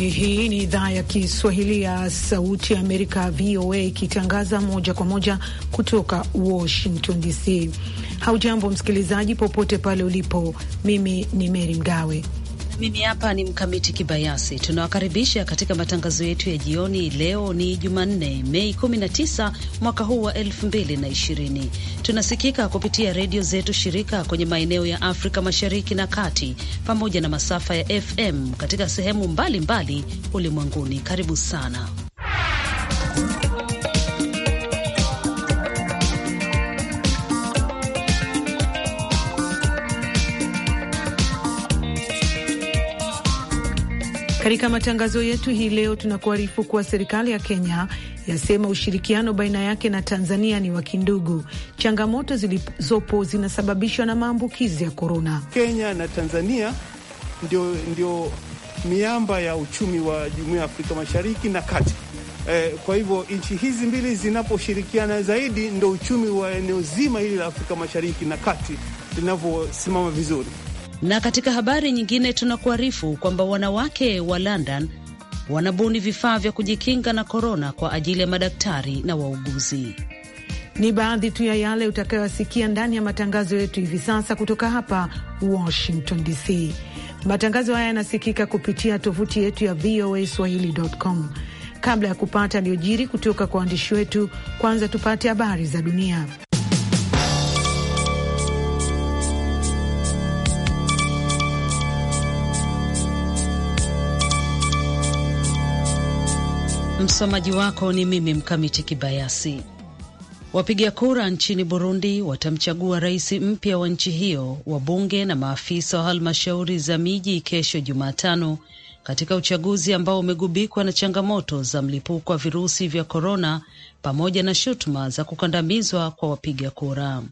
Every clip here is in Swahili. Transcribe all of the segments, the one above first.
Hii ni idhaa ya Kiswahili ya Sauti ya Amerika, VOA, ikitangaza moja kwa moja kutoka Washington DC. Haujambo msikilizaji, popote pale ulipo. Mimi ni Meri Mgawe mimi hapa ni Mkamiti Kibayasi. Tunawakaribisha katika matangazo yetu ya jioni. Leo ni Jumanne, Mei 19 mwaka huu wa 2020. Tunasikika kupitia redio zetu shirika kwenye maeneo ya Afrika Mashariki na Kati, pamoja na masafa ya FM katika sehemu mbalimbali ulimwenguni. Karibu sana Katika matangazo yetu hii leo, tunakuarifu kuwa serikali ya Kenya yasema ushirikiano baina yake na Tanzania ni wa kindugu. Changamoto zilizopo zinasababishwa na maambukizi ya korona. Kenya na Tanzania ndio, ndio miamba ya uchumi wa jumuiya ya Afrika Mashariki na kati. E, kwa hivyo nchi hizi mbili zinaposhirikiana zaidi ndo uchumi wa eneo zima hili la Afrika Mashariki na kati linavyosimama vizuri. Na katika habari nyingine, tunakuarifu kwamba wanawake wa London wanabuni vifaa vya kujikinga na korona kwa ajili ya madaktari na wauguzi. Ni baadhi tu ya yale utakayoyasikia ndani ya matangazo yetu hivi sasa kutoka hapa Washington DC. Matangazo haya yanasikika kupitia tovuti yetu ya VOA Swahili.com. Kabla ya kupata aliyojiri kutoka kwa waandishi wetu, kwanza tupate habari za dunia. Msomaji wako ni mimi Mkamiti Kibayasi. Wapiga kura nchini Burundi watamchagua rais mpya wa nchi hiyo, wabunge na maafisa wa halmashauri za miji kesho Jumatano, katika uchaguzi ambao umegubikwa na changamoto za mlipuko wa virusi vya korona pamoja na shutuma za kukandamizwa kwa wapiga kura.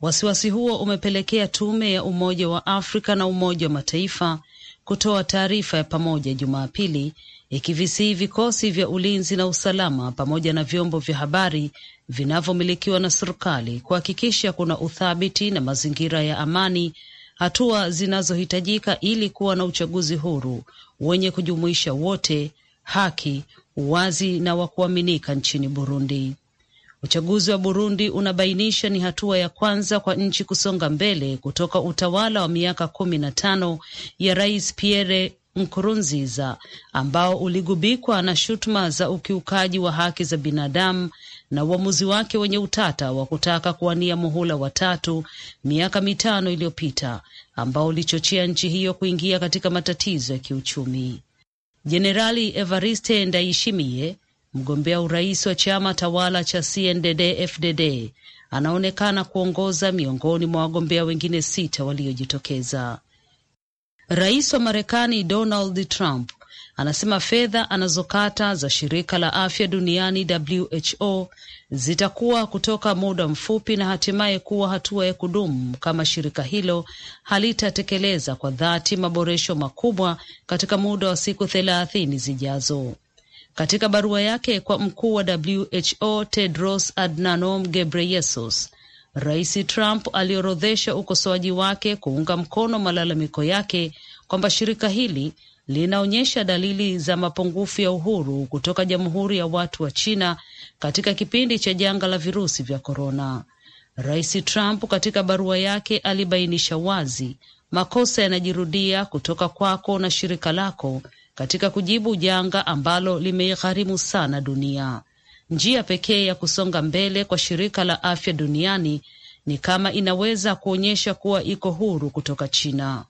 Wasiwasi huo umepelekea tume ya Umoja wa Afrika na Umoja wa Mataifa kutoa taarifa ya pamoja Jumapili ikivisii vikosi vya ulinzi na usalama pamoja na vyombo vya habari vinavyomilikiwa na serikali kuhakikisha kuna uthabiti na mazingira ya amani, hatua zinazohitajika ili kuwa na uchaguzi huru wenye kujumuisha wote, haki, uwazi na wa kuaminika nchini Burundi. Uchaguzi wa Burundi unabainisha ni hatua ya kwanza kwa nchi kusonga mbele kutoka utawala wa miaka kumi na tano ya Rais Pierre Nkurunziza ambao uligubikwa na shutuma za ukiukaji wa haki za binadamu na uamuzi wake wenye utata wa kutaka kuwania muhula wa tatu miaka mitano iliyopita ambao ulichochea nchi hiyo kuingia katika matatizo ya kiuchumi. Jenerali Evariste Ndayishimiye, mgombea urais wa chama tawala cha CNDD-FDD, anaonekana kuongoza miongoni mwa wagombea wengine sita waliojitokeza. Rais wa Marekani Donald Trump anasema fedha anazokata za shirika la afya duniani WHO zitakuwa kutoka muda mfupi na hatimaye kuwa hatua ya kudumu kama shirika hilo halitatekeleza kwa dhati maboresho makubwa katika muda wa siku thelathini zijazo. Katika barua yake kwa mkuu wa WHO Tedros Adhanom Ghebreyesus, Rais Trump aliorodhesha ukosoaji wake kuunga mkono malalamiko yake kwamba shirika hili linaonyesha dalili za mapungufu ya uhuru kutoka Jamhuri ya Watu wa China katika kipindi cha janga la virusi vya korona. Rais Trump katika barua yake alibainisha wazi makosa yanajirudia kutoka kwako na shirika lako katika kujibu janga ambalo limeigharimu sana dunia. Njia pekee ya kusonga mbele kwa shirika la afya duniani ni kama inaweza kuonyesha kuwa iko huru kutoka China.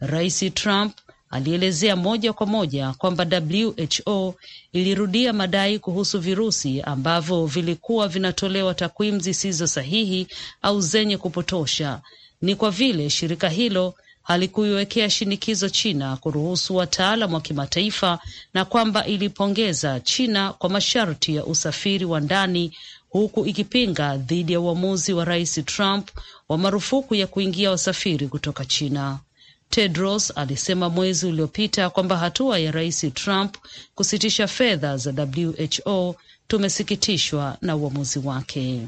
Rais Trump alielezea moja kwa moja kwamba WHO ilirudia madai kuhusu virusi ambavyo vilikuwa vinatolewa takwimu zisizo sahihi au zenye kupotosha, ni kwa vile shirika hilo halikuiwekea shinikizo China kuruhusu wataalam wa kimataifa na kwamba ilipongeza China kwa masharti ya usafiri wa ndani huku ikipinga dhidi ya uamuzi wa Rais Trump wa marufuku ya kuingia wasafiri kutoka China. Tedros alisema mwezi uliopita kwamba hatua ya Rais Trump kusitisha fedha za WHO, tumesikitishwa na uamuzi wake.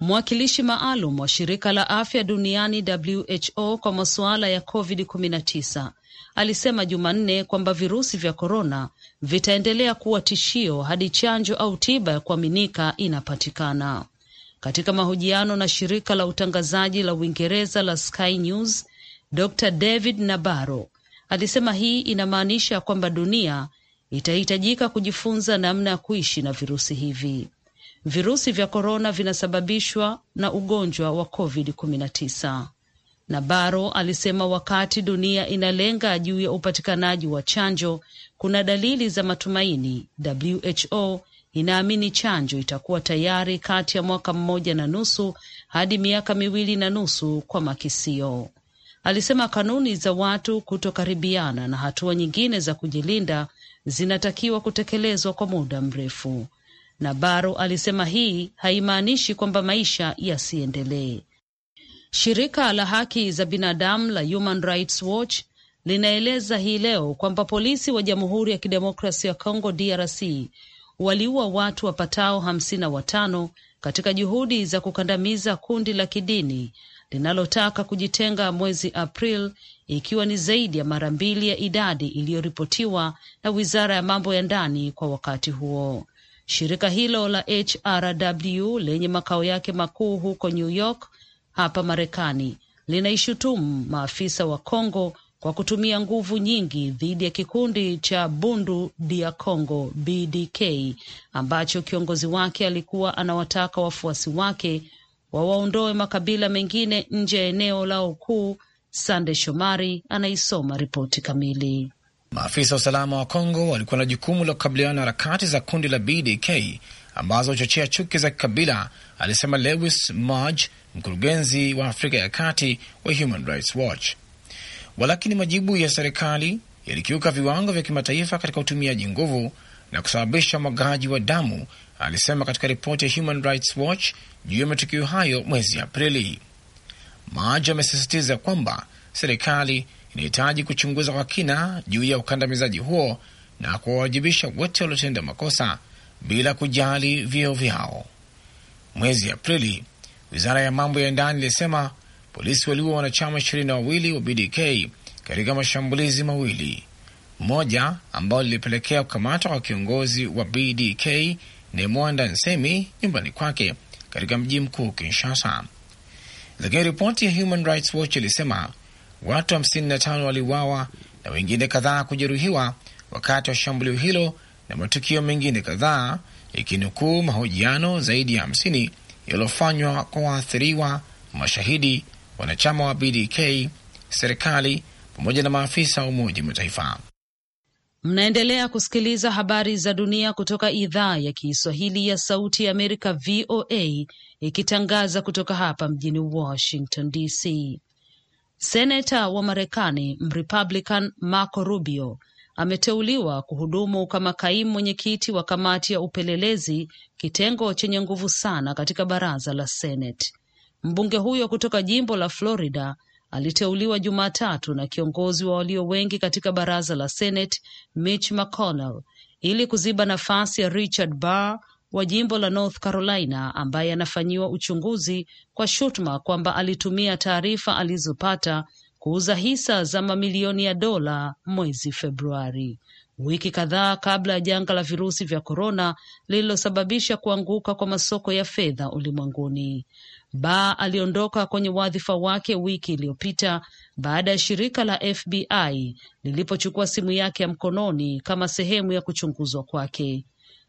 Mwakilishi maalum wa shirika la afya duniani WHO kwa masuala ya COVID-19 alisema Jumanne kwamba virusi vya korona vitaendelea kuwa tishio hadi chanjo au tiba ya kuaminika inapatikana. Katika mahojiano na shirika la utangazaji la Uingereza la Sky News, Dr David Nabarro alisema hii inamaanisha kwamba dunia itahitajika kujifunza namna ya kuishi na virusi hivi virusi vya korona vinasababishwa na ugonjwa wa COVID-19. Nabaro alisema wakati dunia inalenga juu ya upatikanaji wa chanjo, kuna dalili za matumaini. WHO inaamini chanjo itakuwa tayari kati ya mwaka mmoja na nusu hadi miaka miwili na nusu kwa makisio. Alisema kanuni za watu kutokaribiana na hatua nyingine za kujilinda zinatakiwa kutekelezwa kwa muda mrefu baro alisema hii haimaanishi kwamba maisha yasiendelee. Shirika la haki za binadamu la Human Rights Watch linaeleza hii leo kwamba polisi wa Jamhuri ya Kidemokrasia ya Kongo DRC waliua watu wapatao hamsini na watano katika juhudi za kukandamiza kundi la kidini linalotaka kujitenga mwezi April, ikiwa ni zaidi ya mara mbili ya idadi iliyoripotiwa na wizara ya mambo ya ndani kwa wakati huo. Shirika hilo la HRW lenye makao yake makuu huko New York hapa Marekani linaishutumu maafisa wa congo kwa kutumia nguvu nyingi dhidi ya kikundi cha Bundu dia Congo BDK ambacho kiongozi wake alikuwa anawataka wafuasi wake wawaondoe makabila mengine nje ya eneo lao kuu. Sande Shomari anaisoma ripoti kamili. Maafisa wa usalama wa Kongo walikuwa na jukumu la kukabiliana na harakati za kundi la BDK ambazo huchochea chuki za kikabila, alisema Lewis Mudge, mkurugenzi wa Afrika ya Kati wa Human Rights Watch. Walakini majibu ya serikali yalikiuka viwango vya kimataifa katika utumiaji nguvu na kusababisha mwagaji wa damu, alisema katika ripoti ya Human Rights Watch juu ya matukio hayo mwezi Aprili. Mudge amesisitiza kwamba serikali inahitaji kuchunguza kwa kina juu ya ukandamizaji huo na kuwawajibisha wote waliotenda makosa bila kujali vyeo vyao. Mwezi Aprili, wizara ya mambo ya ndani ilisema polisi waliua wanachama ishirini na wawili wa BDK katika mashambulizi mawili, mmoja ambao lilipelekea kukamatwa kwa kiongozi wa BDK Nemwanda Nsemi nyumbani kwake katika mji mkuu Kinshasa. Lakini ripoti ya Human Rights Watch ilisema Watu 55 waliuawa na wengine kadhaa kujeruhiwa wakati wa shambulio hilo na matukio mengine kadhaa, ikinukuu mahojiano zaidi ya 50 yaliyofanywa kwa waathiriwa, mashahidi, wanachama wa BDK, serikali pamoja na maafisa wa Umoja Mataifa. Mnaendelea kusikiliza habari za dunia kutoka idhaa ya Kiswahili ya Sauti ya Amerika, VOA, ikitangaza kutoka hapa mjini Washington DC. Seneta wa Marekani Mrepublican Marco Rubio ameteuliwa kuhudumu kama kaimu mwenyekiti wa kamati ya upelelezi, kitengo chenye nguvu sana katika baraza la Seneti. Mbunge huyo kutoka jimbo la Florida aliteuliwa Jumatatu na kiongozi wa walio wengi katika baraza la Seneti Mitch McConnell ili kuziba nafasi ya Richard Burr wa jimbo la North Carolina ambaye anafanyiwa uchunguzi kwa shutuma kwamba alitumia taarifa alizopata kuuza hisa za mamilioni ya dola mwezi Februari, wiki kadhaa kabla ya janga la virusi vya korona lililosababisha kuanguka kwa masoko ya fedha ulimwenguni. Ba aliondoka kwenye wadhifa wake wiki iliyopita baada ya shirika la FBI lilipochukua simu yake ya mkononi kama sehemu ya kuchunguzwa kwake.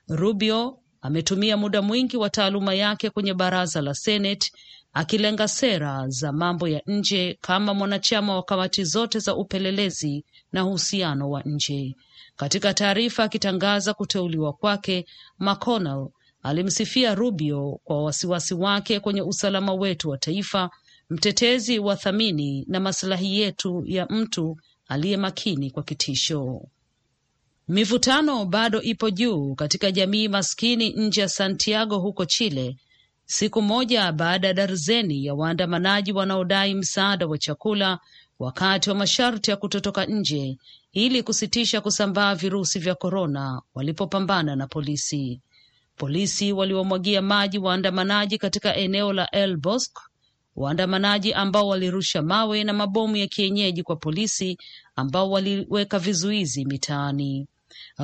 Rubio ametumia muda mwingi wa taaluma yake kwenye baraza la Seneti akilenga sera za mambo ya nje kama mwanachama wa kamati zote za upelelezi na uhusiano wa nje. Katika taarifa akitangaza kuteuliwa kwake, McConnell alimsifia Rubio kwa wasiwasi wake kwenye usalama wetu wa taifa, mtetezi wa thamini na masilahi yetu ya mtu aliye makini kwa kitisho. Mivutano bado ipo juu katika jamii maskini nje ya Santiago huko Chile, siku moja baada ya darzeni ya waandamanaji wanaodai msaada wa chakula wakati wa masharti ya kutotoka nje ili kusitisha kusambaa virusi vya korona walipopambana na polisi. Polisi waliwamwagia maji waandamanaji katika eneo la El Bosque, waandamanaji ambao walirusha mawe na mabomu ya kienyeji kwa polisi ambao waliweka vizuizi mitaani.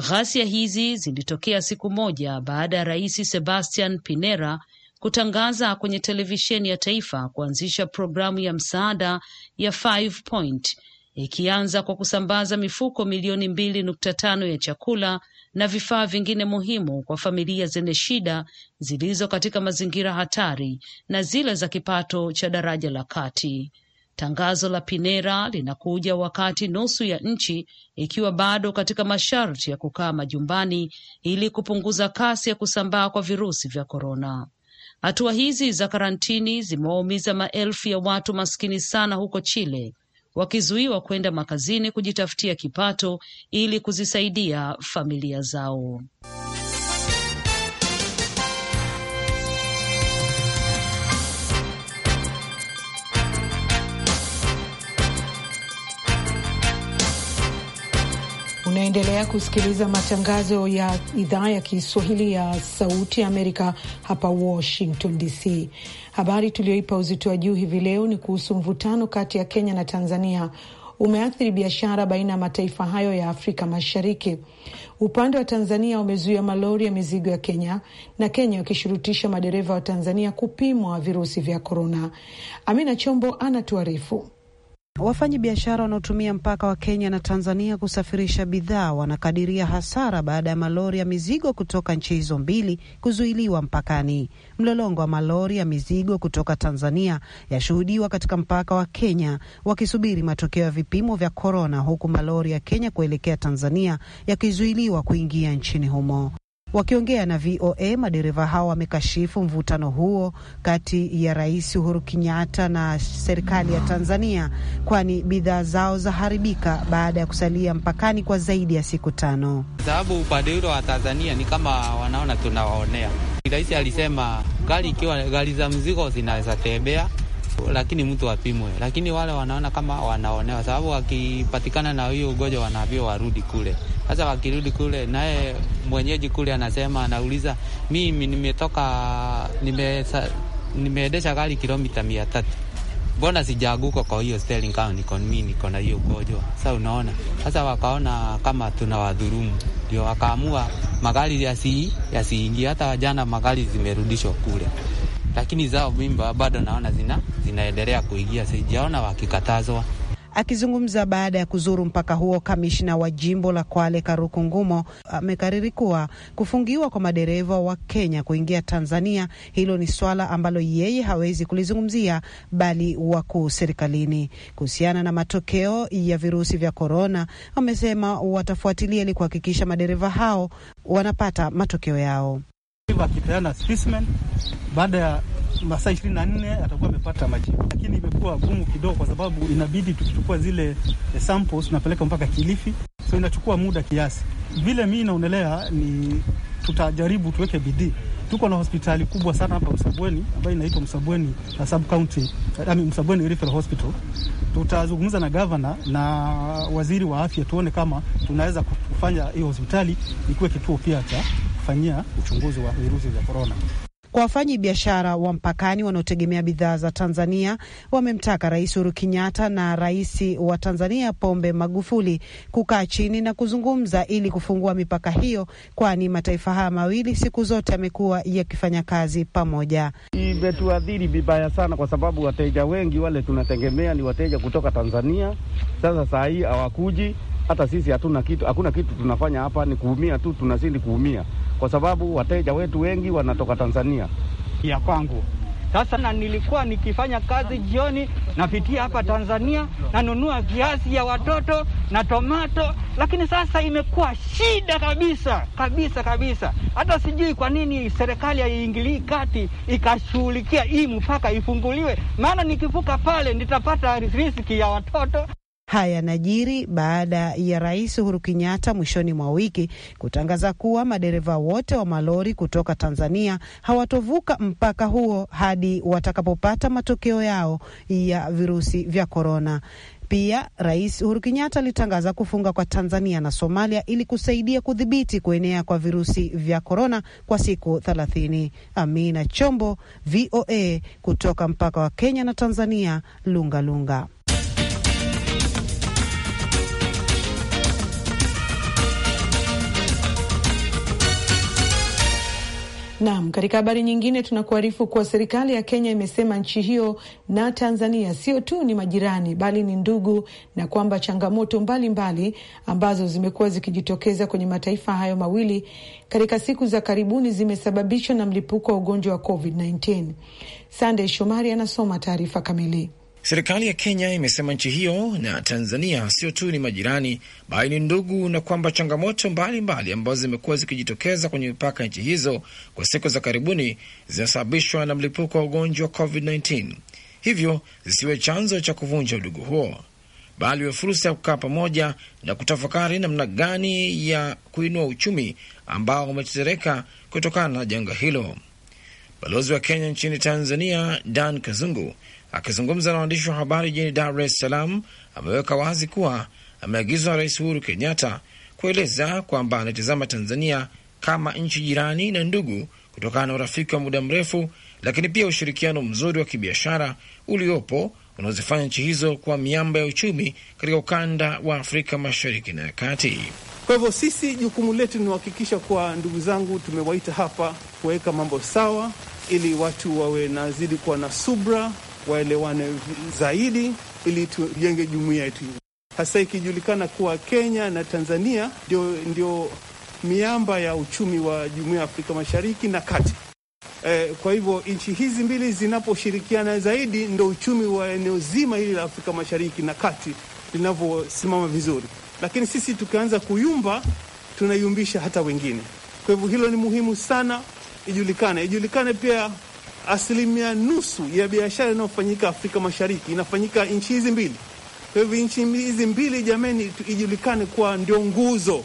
Ghasia hizi zilitokea siku moja baada ya rais Sebastian Pinera kutangaza kwenye televisheni ya taifa kuanzisha programu ya msaada ya Five Point ikianza kwa kusambaza mifuko milioni mbili nukta tano ya chakula na vifaa vingine muhimu kwa familia zenye shida zilizo katika mazingira hatari na zile za kipato cha daraja la kati. Tangazo la Pinera linakuja wakati nusu ya nchi ikiwa bado katika masharti ya kukaa majumbani ili kupunguza kasi ya kusambaa kwa virusi vya korona. Hatua hizi za karantini zimewaumiza maelfu ya watu maskini sana huko Chile, wakizuiwa kwenda makazini kujitafutia kipato ili kuzisaidia familia zao. Unaendelea kusikiliza matangazo ya idhaa ya Kiswahili ya Sauti ya Amerika hapa Washington DC. Habari tuliyoipa uzito wa juu hivi leo ni kuhusu mvutano kati ya Kenya na Tanzania umeathiri biashara baina ya mataifa hayo ya Afrika Mashariki. Upande wa Tanzania umezuia malori ya mizigo ya Kenya na Kenya wakishurutisha madereva wa Tanzania kupimwa virusi vya korona. Amina Chombo anatuarifu. Wafanyi biashara wanaotumia mpaka wa Kenya na Tanzania kusafirisha bidhaa wanakadiria hasara baada ya malori ya mizigo kutoka nchi hizo mbili kuzuiliwa mpakani. Mlolongo wa malori ya mizigo kutoka Tanzania yashuhudiwa katika mpaka wa Kenya wakisubiri matokeo ya vipimo vya korona, huku malori ya Kenya kuelekea Tanzania yakizuiliwa kuingia nchini humo. Wakiongea na VOA, madereva hao wamekashifu mvutano huo kati ya Rais Uhuru Kenyatta na serikali ya Tanzania, kwani bidhaa zao zaharibika baada ya kusalia mpakani kwa zaidi ya siku tano. Sababu upande hulo wa Tanzania ni kama wanaona tunawaonea. Rais alisema gari ikiwa gari za mzigo zinaweza tembea, lakini mtu apimwe, lakini wale wanaona kama wanaonewa, sababu wakipatikana na hiyo ugonjwa wanaambiwa warudi kule sasa wakirudi kule, naye mwenyeji kule anasema, anauliza mimi nimetoka nime, nimeendesha gari kilomita mia tatu mbona sijaguka Kwa hiyo steering kama niko mimi niko na hiyo ugonjwa sasa, unaona. Sasa wakaona kama tuna wadhurumu, ndio wakaamua magari yasi yasiingie. Hata wajana magari zimerudishwa kule, lakini zao mimba bado naona zina zinaendelea kuingia, sijaona wakikatazwa. Akizungumza baada ya kuzuru mpaka huo, kamishna wa jimbo la Kwale Karuku Ngumo amekariri kuwa kufungiwa kwa madereva wa Kenya kuingia Tanzania, hilo ni swala ambalo yeye hawezi kulizungumzia, bali wakuu serikalini. Kuhusiana na matokeo ya virusi vya korona, wamesema watafuatilia ili kuhakikisha madereva hao wanapata matokeo yao. Akipeana specimen baada ya masaa ishirini na nne atakuwa amepata majibu, lakini imekuwa gumu kidogo, kwa sababu inabidi tukichukua zile eh, samples tunapeleka mpaka Kilifi, so inachukua muda kiasi. Vile mi naonelea ni tutajaribu tuweke bidii. Tuko na hospitali kubwa sana hapa Msabweni ambayo inaitwa Msabweni sub county, Msabweni Referral Hospital. Tutazungumza na gavana na waziri wa afya, tuone kama tunaweza kufanya hiyo hospitali ikuwe kituo pia cha kufanyia uchunguzi wa virusi vya korona. Kwa wafanyi biashara wa mpakani wanaotegemea bidhaa za Tanzania, wamemtaka Rais Uhuru Kenyatta na Rais wa Tanzania Pombe Magufuli kukaa chini na kuzungumza ili kufungua mipaka hiyo, kwani mataifa haya mawili siku zote yamekuwa yakifanya kazi pamoja. Imetuadhiri vibaya sana, kwa sababu wateja wengi wale tunategemea ni wateja kutoka Tanzania, sasa saa hii hawakuji. Hata sisi hatuna kitu, hakuna kitu tunafanya hapa, ni kuumia tu, tunazidi kuumia kwa sababu wateja wetu wengi wanatoka Tanzania ya kwangu. Sasa na nilikuwa nikifanya kazi jioni, napitia hapa Tanzania, nanunua viazi ya watoto na tomato, lakini sasa imekuwa shida kabisa kabisa kabisa. Hata sijui kwa nini serikali haiingilii kati ikashughulikia hii mpaka ifunguliwe, maana nikivuka pale nitapata riziki ya watoto. Haya yanajiri baada ya Rais Uhuru Kenyatta mwishoni mwa wiki kutangaza kuwa madereva wote wa malori kutoka Tanzania hawatovuka mpaka huo hadi watakapopata matokeo yao ya virusi vya korona. Pia Rais Uhuru Kenyatta alitangaza kufunga kwa Tanzania na Somalia ili kusaidia kudhibiti kuenea kwa virusi vya korona kwa siku thelathini. Amina Chombo, VOA, kutoka mpaka wa Kenya na Tanzania, Lungalunga. Nam, katika habari nyingine tunakuarifu kuwa serikali ya Kenya imesema nchi hiyo na Tanzania sio tu ni majirani bali ni ndugu, na kwamba changamoto mbalimbali mbali ambazo zimekuwa zikijitokeza kwenye mataifa hayo mawili katika siku za karibuni zimesababishwa na mlipuko wa ugonjwa wa COVID-19. Sandey Shomari anasoma taarifa kamili. Serikali ya Kenya imesema nchi hiyo na Tanzania sio tu ni majirani, bali ni ndugu, na kwamba changamoto mbalimbali ambazo zimekuwa zikijitokeza kwenye mipaka ya nchi hizo kwa siku za karibuni zinasababishwa na mlipuko wa ugonjwa wa COVID-19, hivyo zisiwe chanzo cha kuvunja udugu huo, bali iwe fursa ya kukaa pamoja na kutafakari namna gani ya kuinua uchumi ambao umetetereka kutokana na janga hilo. Balozi wa Kenya nchini Tanzania Dan Kazungu Akizungumza na waandishi wa habari jijini Dar es Salaam, ameweka wazi kuwa ameagizwa Rais Uhuru Kenyatta kueleza kwamba anaitazama Tanzania kama nchi jirani na ndugu kutokana na urafiki wa muda mrefu, lakini pia ushirikiano mzuri wa kibiashara uliopo unaozifanya nchi hizo kuwa miamba ya uchumi katika ukanda wa Afrika mashariki na ya kati. Kwa hivyo sisi, jukumu letu ni kuhakikisha kwa ndugu zangu tumewaita hapa kuweka mambo sawa, ili watu wawe nazidi kuwa na subra waelewane zaidi, ili tujenge jumuiya yetu, hasa ikijulikana kuwa Kenya na Tanzania ndio, ndio miamba ya uchumi wa jumuiya ya Afrika Mashariki na Kati. Eh, kwa hivyo nchi hizi mbili zinaposhirikiana zaidi ndo uchumi wa eneo zima hili la Afrika Mashariki na Kati linavyosimama vizuri, lakini sisi tukianza kuyumba tunayumbisha hata wengine. Kwa hivyo hilo ni muhimu sana ijulikane, ijulikane pia asilimia nusu ya biashara inayofanyika Afrika Mashariki inafanyika nchi hizi mbili. Kwa hivyo nchi hizi mbili jamani, ijulikane kuwa ndio nguzo,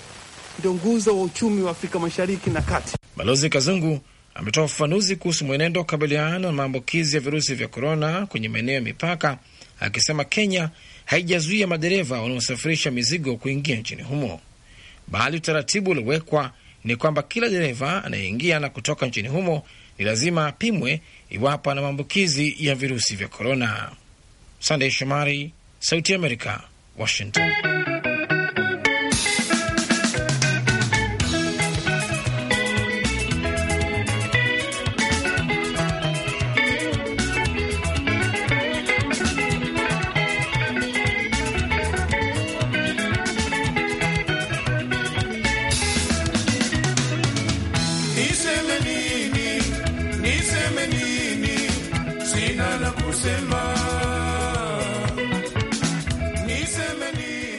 ndio nguzo wa uchumi wa Afrika Mashariki na Kati. Balozi Kazungu ametoa ufafanuzi kuhusu mwenendo wa kukabiliana na maambukizi ya virusi vya korona kwenye maeneo ya mipaka, akisema Kenya haijazuia madereva wanaosafirisha mizigo kuingia nchini humo, bali utaratibu uliowekwa ni kwamba kila dereva anayeingia na kutoka nchini humo ni lazima apimwe iwapo ana maambukizi ya virusi vya korona. Sandey Shomari, Sauti ya Amerika, Washington.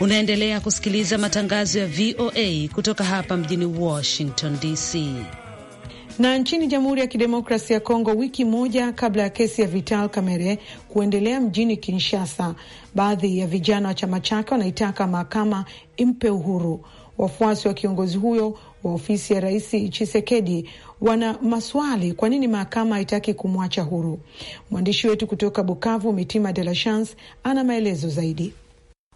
Unaendelea kusikiliza matangazo ya VOA kutoka hapa mjini Washington DC. Na nchini Jamhuri ya Kidemokrasi ya Kongo, wiki moja kabla ya kesi ya Vital Kamerhe kuendelea mjini Kinshasa, baadhi ya vijana wa chama chake wanaitaka mahakama impe uhuru. Wafuasi wa kiongozi huyo wa ofisi ya Rais Chisekedi wana maswali, kwa nini mahakama haitaki kumwacha huru? Mwandishi wetu kutoka Bukavu, Mitima De La Chance, ana maelezo zaidi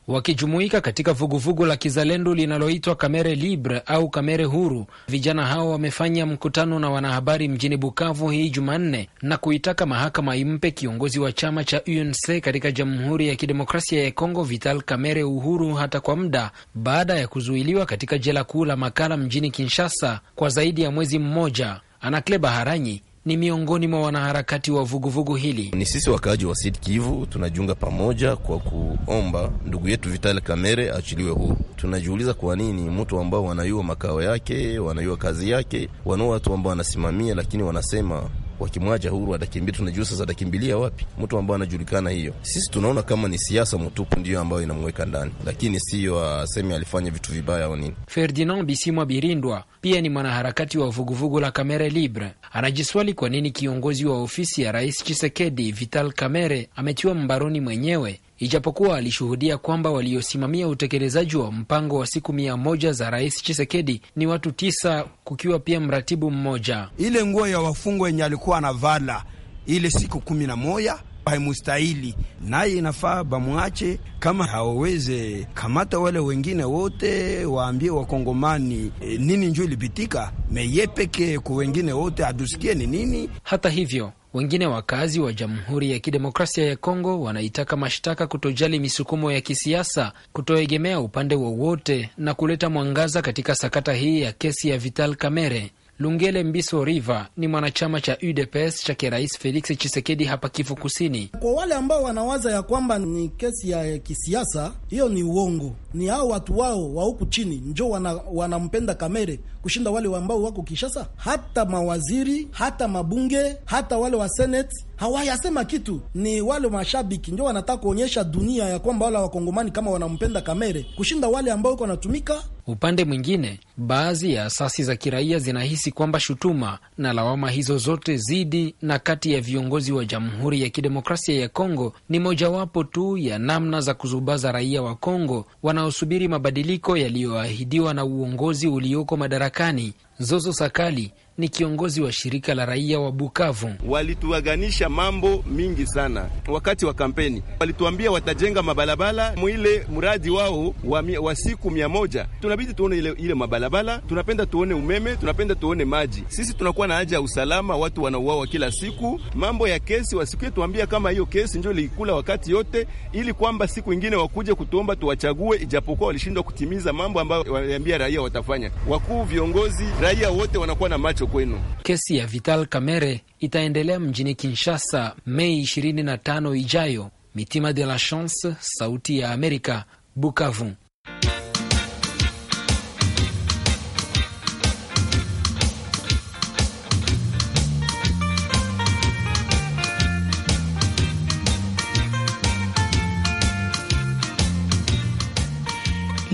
wakijumuika katika vuguvugu vugu la kizalendo linaloitwa Kamere Libre au Kamere Huru. Vijana hao wamefanya mkutano na wanahabari mjini Bukavu hii Jumanne na kuitaka mahakama impe kiongozi wa chama cha UNC katika Jamhuri ya Kidemokrasia ya Kongo Vital Kamere uhuru hata kwa muda, baada ya kuzuiliwa katika jela kuu la Makala mjini Kinshasa kwa zaidi ya mwezi mmoja. Anakle Baharanyi ni miongoni mwa wanaharakati wa vuguvugu hili. Ni sisi wakaaji wa Sud Kivu tunajiunga pamoja kwa kuomba ndugu yetu Vital Kamerhe achiliwe huru. Tunajiuliza kwa nini mtu ambao wanayua makao yake, wanayua kazi yake, wanao watu ambao wanasimamia, lakini wanasema wakimwacha huru atakimbia, tunajua sasa atakimbilia wapi? Mtu ambaye anajulikana, hiyo sisi tunaona kama ni siasa mtupu, ndiyo ambayo inamweka ndani, lakini siyo uh, aseme alifanya vitu vibaya au nini. Ferdinand Bisimwa Birindwa pia ni mwanaharakati wa vuguvugu la Kamere Libre, anajiswali kwa nini kiongozi wa ofisi ya Rais Chisekedi Vital Kamere ametiwa mbaroni mwenyewe ijapokuwa alishuhudia kwamba waliosimamia utekelezaji wa mpango wa siku mia moja za Rais Chisekedi ni watu tisa, kukiwa pia mratibu mmoja. Ile nguo ya wafungwa yenye alikuwa anavala ile siku kumi na moja haimustahili naye, inafaa bamwache. Kama hawaweze kamata wale wengine wote, waambie wakongomani e, nini njuu ilipitika meye pekee, ku wengine wote adusikie ni nini. Hata hivyo wengine wakazi wa Jamhuri ya Kidemokrasia ya Kongo wanaitaka mashtaka kutojali misukumo ya kisiasa, kutoegemea upande wowote na kuleta mwangaza katika sakata hii ya kesi ya Vital Kamerhe. Lungele Mbiso Riva ni mwanachama cha UDPS cha Rais Felix Chisekedi hapa Kivu Kusini. Kwa wale ambao wanawaza ya kwamba ni kesi ya kisiasa, hiyo ni uongo. Ni hao watu wao wa huku chini njo wana, wanampenda Kamere kushinda wale ambao wako kishasa Hata mawaziri hata mabunge hata wale wa seneti hawayasema kitu, ni wale mashabiki njo wanataka kuonyesha dunia ya kwamba wale wakongomani kama wanampenda Kamere kushinda wale ambao wako wanatumika Upande mwingine, baadhi ya asasi za kiraia zinahisi kwamba shutuma na lawama hizo zote dhidi na kati ya viongozi wa Jamhuri ya Kidemokrasia ya Kongo ni mojawapo tu ya namna za kuzubaza raia wa Kongo wanaosubiri mabadiliko yaliyoahidiwa na uongozi ulioko madarakani. Zozo Sakali ni kiongozi wa shirika la raia wa Bukavu. Walituaganisha mambo mingi sana wakati wa kampeni, walituambia watajenga mabalabala mwile mradi wao wa, mi, wa siku mia moja. Tunabidi tuone ile, ile mabalabala, tunapenda tuone umeme, tunapenda tuone maji. Sisi tunakuwa na haja ya usalama, watu wanauawa kila siku. Mambo ya kesi wasikie tuambia kama hiyo kesi ndio ilikula wakati yote, ili kwamba siku ingine wakuje kutuomba tuwachague, ijapokuwa walishindwa kutimiza mambo ambayo waliambia raia watafanya. Wakuu viongozi, raia wote wanakuwa na macho kwenu. Kesi ya Vital Kamere itaendelea mjini Kinshasa Mei 25 ijayo. Mitima de la Chance, Sauti ya Amerika, Bukavu.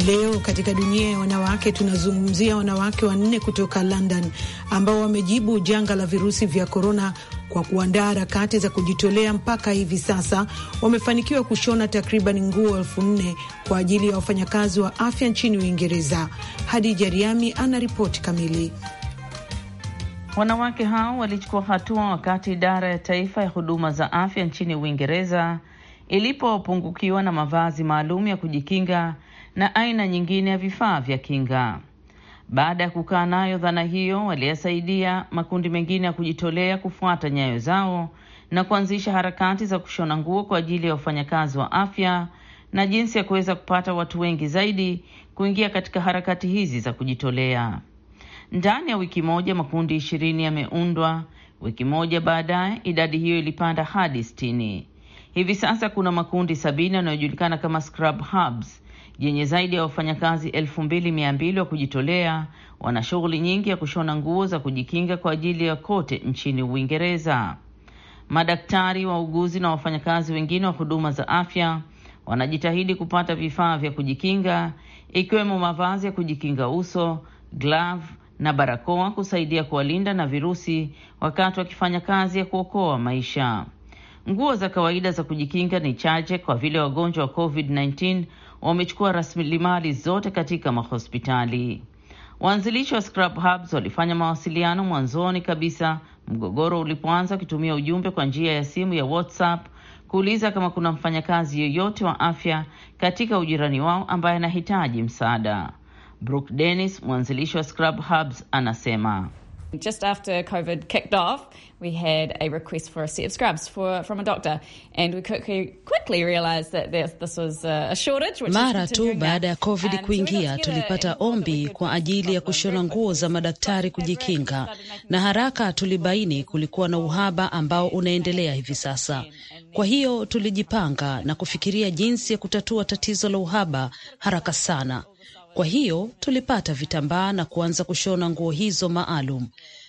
Leo katika dunia ya wanawake tunazungumzia wanawake wanne kutoka London ambao wamejibu janga la virusi vya korona kwa kuandaa harakati za kujitolea. Mpaka hivi sasa wamefanikiwa kushona takriban nguo elfu nne kwa ajili ya wafanyakazi wa afya nchini Uingereza. Hadija Riami ana ripoti kamili. Wanawake hao walichukua hatua wakati idara ya taifa ya huduma za afya nchini Uingereza ilipopungukiwa na mavazi maalum ya kujikinga na aina nyingine ya vifaa vya kinga. Baada ya kukaa nayo dhana hiyo, waliyasaidia makundi mengine ya kujitolea kufuata nyayo zao na kuanzisha harakati za kushona nguo kwa ajili ya wafanyakazi wa afya na jinsi ya kuweza kupata watu wengi zaidi kuingia katika harakati hizi za kujitolea. Ndani ya wiki moja makundi ishirini yameundwa. Wiki moja baadaye idadi hiyo ilipanda hadi sitini. Hivi sasa kuna makundi sabini yanayojulikana kama scrub hubs yenye zaidi ya wafanyakazi elfu mbili mia mbili wa kujitolea wana shughuli nyingi ya kushona nguo za kujikinga kwa ajili ya kote nchini Uingereza. Madaktari, wauguzi na wafanyakazi wengine wa huduma za afya wanajitahidi kupata vifaa vya kujikinga ikiwemo mavazi ya kujikinga uso, glavu na barakoa kusaidia kuwalinda na virusi wakati wakifanya kazi ya kuokoa maisha. Nguo za kawaida za kujikinga ni chache kwa vile wagonjwa wa COVID-19 wamechukua rasilimali zote katika mahospitali. Waanzilishi wa Scrub Hubs walifanya mawasiliano mwanzoni kabisa mgogoro ulipoanza, wakitumia ujumbe kwa njia ya simu ya WhatsApp kuuliza kama kuna mfanyakazi yeyote wa afya katika ujirani wao ambaye anahitaji msaada. Brooke Dennis, mwanzilishi wa Scrub Hubs, anasema Just after COVID kicked off, we had a request for a set of scrubs for, from a doctor, and we quickly, quickly realized that this, this was a shortage. Which Mara tu baada ya COVID kuingia, so tulipata ombi kwa ajili ya kushona nguo za madaktari kujikinga, na haraka tulibaini kulikuwa na uhaba ambao unaendelea hivi sasa. Kwa hiyo tulijipanga na kufikiria jinsi ya kutatua tatizo la uhaba haraka sana. Kwa hiyo tulipata vitambaa na kuanza kushona nguo hizo maalum.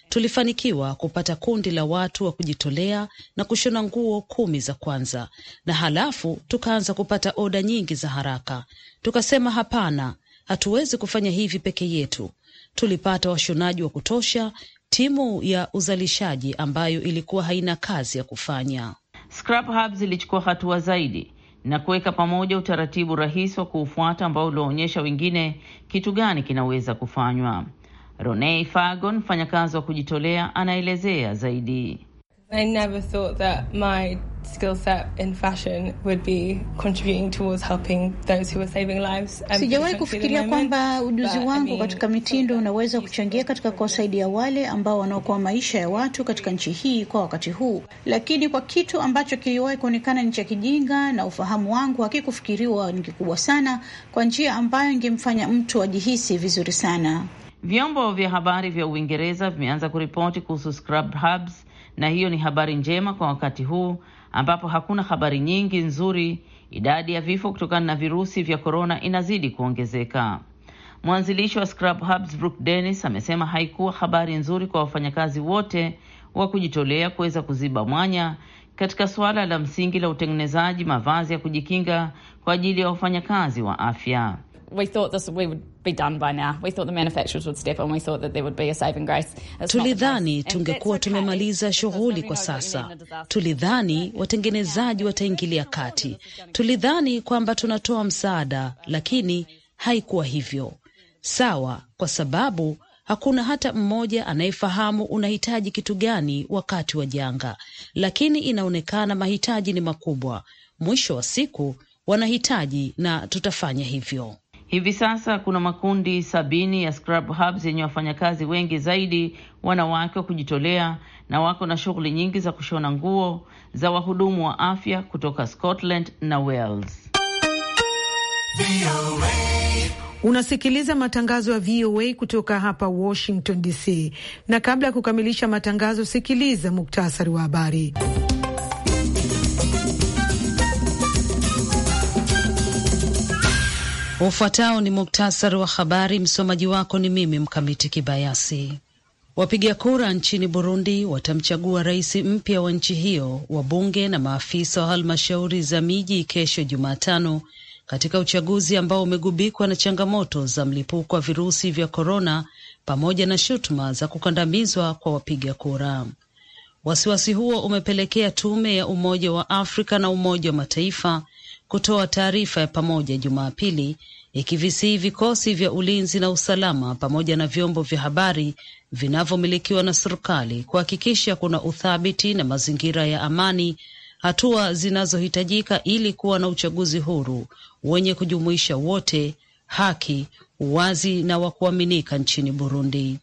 Tulifanikiwa kupata kundi la watu wa kujitolea na kushona nguo kumi za kwanza, na halafu tukaanza kupata oda nyingi za haraka. Tukasema hapana, hatuwezi kufanya hivi peke yetu. Tulipata washonaji wa kutosha, timu ya uzalishaji ambayo ilikuwa haina kazi ya kufanya. Scrap hatua zaidi na kuweka pamoja utaratibu rahisi wa kuufuata ambao ulioonyesha wengine kitu gani kinaweza kufanywa. Ronei Fagon, mfanyakazi wa kujitolea, anaelezea zaidi. I never thought that my skill set in fashion would be contributing towards helping those who are saving lives. Sijawahi kufikiria kwamba ujuzi wangu katika mitindo unaweza kuchangia katika kuwasaidia wale ambao wanaokoa maisha ya watu katika nchi hii kwa wakati huu, lakini kwa kitu ambacho kiliwahi kuonekana ni cha kijinga na ufahamu wangu hakikufikiriwa ni kikubwa sana, kwa njia ambayo ingemfanya mtu ajihisi vizuri sana. Vyombo vya habari vya Uingereza vimeanza kuripoti kuhusu scrub hubs na hiyo ni habari njema kwa wakati huu ambapo hakuna habari nyingi nzuri. Idadi ya vifo kutokana na virusi vya korona inazidi kuongezeka. Mwanzilishi wa Scrub Hubs Brooke Dennis amesema haikuwa habari nzuri kwa wafanyakazi wote wa kujitolea kuweza kuziba mwanya katika suala la msingi la utengenezaji mavazi ya kujikinga kwa ajili ya wafanyakazi wa afya we thought this, we would be done by now. We thought the manufacturers would step in. We thought that there would be a saving grace. Tulidhani tungekuwa tumemaliza shughuli kwa sasa. Tulidhani watengenezaji wataingilia kati. Tulidhani kwamba tunatoa msaada, lakini haikuwa hivyo. Sawa, kwa sababu hakuna hata mmoja anayefahamu unahitaji kitu gani wakati wa janga, lakini inaonekana mahitaji ni makubwa. Mwisho wa siku wanahitaji, na tutafanya hivyo. Hivi sasa kuna makundi sabini ya scrub hubs yenye wafanyakazi wengi zaidi wanawake wa kujitolea na wako na shughuli nyingi za kushona nguo za wahudumu wa afya kutoka Scotland na Wales. Unasikiliza matangazo ya VOA kutoka hapa Washington DC, na kabla ya kukamilisha matangazo, sikiliza muktasari wa habari. Ufuatao ni muktasari wa habari. Msomaji wako ni mimi Mkamiti Kibayasi. Wapiga kura nchini Burundi watamchagua rais mpya wa nchi hiyo, wabunge na maafisa wa halmashauri za miji kesho Jumatano, katika uchaguzi ambao umegubikwa na changamoto za mlipuko wa virusi vya korona pamoja na shutuma za kukandamizwa kwa wapiga kura. Wasiwasi huo umepelekea tume ya Umoja wa Afrika na Umoja wa Mataifa kutoa taarifa ya pamoja Jumapili ikivisii vikosi vya ulinzi na usalama pamoja na vyombo vya habari vinavyomilikiwa na serikali kuhakikisha kuna uthabiti na mazingira ya amani, hatua zinazohitajika ili kuwa na uchaguzi huru wenye kujumuisha wote, haki, uwazi na wa kuaminika nchini Burundi.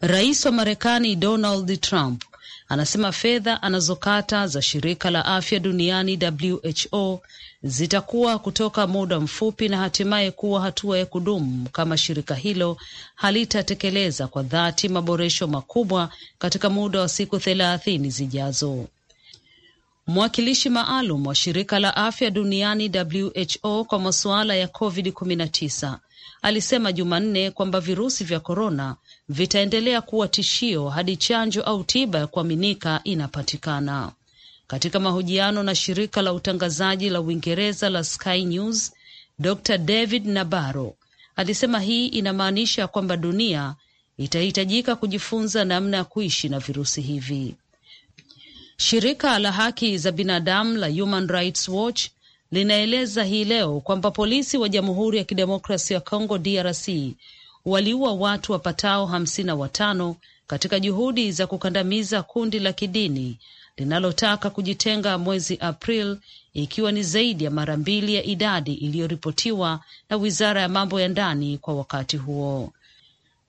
Rais wa Marekani Donald Trump anasema fedha anazokata za shirika la afya duniani WHO zitakuwa kutoka muda mfupi na hatimaye kuwa hatua ya kudumu kama shirika hilo halitatekeleza kwa dhati maboresho makubwa katika muda wa siku thelathini zijazo. Mwakilishi maalum wa shirika la afya duniani WHO kwa masuala ya COVID-19 alisema Jumanne kwamba virusi vya korona vitaendelea kuwa tishio hadi chanjo au tiba ya kuaminika inapatikana. Katika mahojiano na shirika la utangazaji la Uingereza la Sky News, Dr David Nabarro alisema hii inamaanisha kwamba dunia itahitajika kujifunza namna ya kuishi na virusi hivi. Shirika la haki za binadamu la Human Rights Watch linaeleza hii leo kwamba polisi wa Jamhuri ya Kidemokrasia ya Kongo DRC waliua watu wapatao hamsini na watano katika juhudi za kukandamiza kundi la kidini linalotaka kujitenga mwezi April, ikiwa ni zaidi ya mara mbili ya idadi iliyoripotiwa na wizara ya mambo ya ndani kwa wakati huo.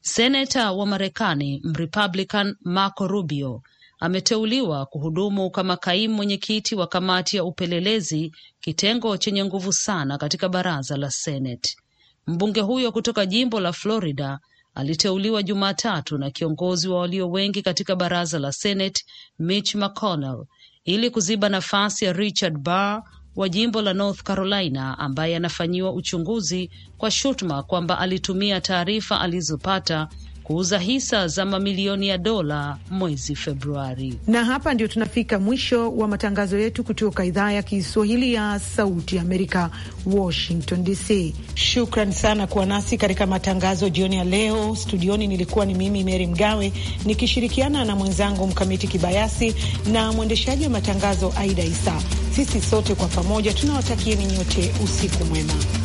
Seneta wa Marekani Mrepublican Marco Rubio ameteuliwa kuhudumu kama kaimu mwenyekiti wa kamati ya upelelezi, kitengo chenye nguvu sana katika baraza la Seneti. Mbunge huyo kutoka jimbo la Florida aliteuliwa Jumatatu na kiongozi wa walio wengi katika baraza la Senate Mitch McConnell ili kuziba nafasi ya Richard Burr wa jimbo la North Carolina ambaye anafanyiwa uchunguzi kwa shutuma kwamba alitumia taarifa alizopata kuuza hisa za mamilioni ya dola mwezi Februari. Na hapa ndio tunafika mwisho wa matangazo yetu kutoka idhaa ya Kiswahili ya Sauti Amerika, Washington DC. Shukran sana kuwa nasi katika matangazo jioni ya leo. Studioni nilikuwa ni mimi Meri Mgawe nikishirikiana na mwenzangu Mkamiti Kibayasi na mwendeshaji wa matangazo Aida Isa. Sisi sote kwa pamoja tunawatakieni nyote usiku mwema.